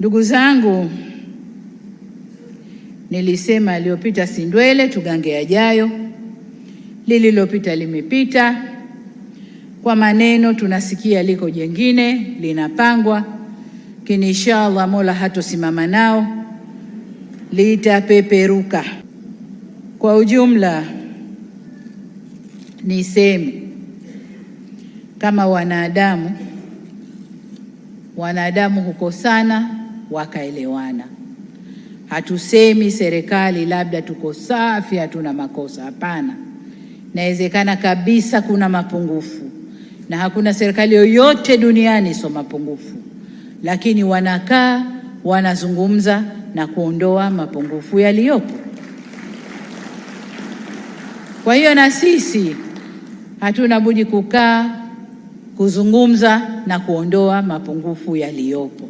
Ndugu zangu, nilisema aliyopita si ndwele, tugange yajayo. Lililopita limepita. Kwa maneno tunasikia liko jengine linapangwa, lakini inshallah Mola hatosimama nao, litapeperuka. Kwa ujumla, niseme kama wanadamu, wanadamu hukosana wakaelewana. Hatusemi serikali labda tuko safi, hatuna makosa. Hapana, inawezekana kabisa kuna mapungufu, na hakuna serikali yoyote duniani sio mapungufu, lakini wanakaa wanazungumza na kuondoa mapungufu yaliyopo. Kwa hiyo na sisi hatuna budi kukaa kuzungumza na kuondoa mapungufu yaliyopo.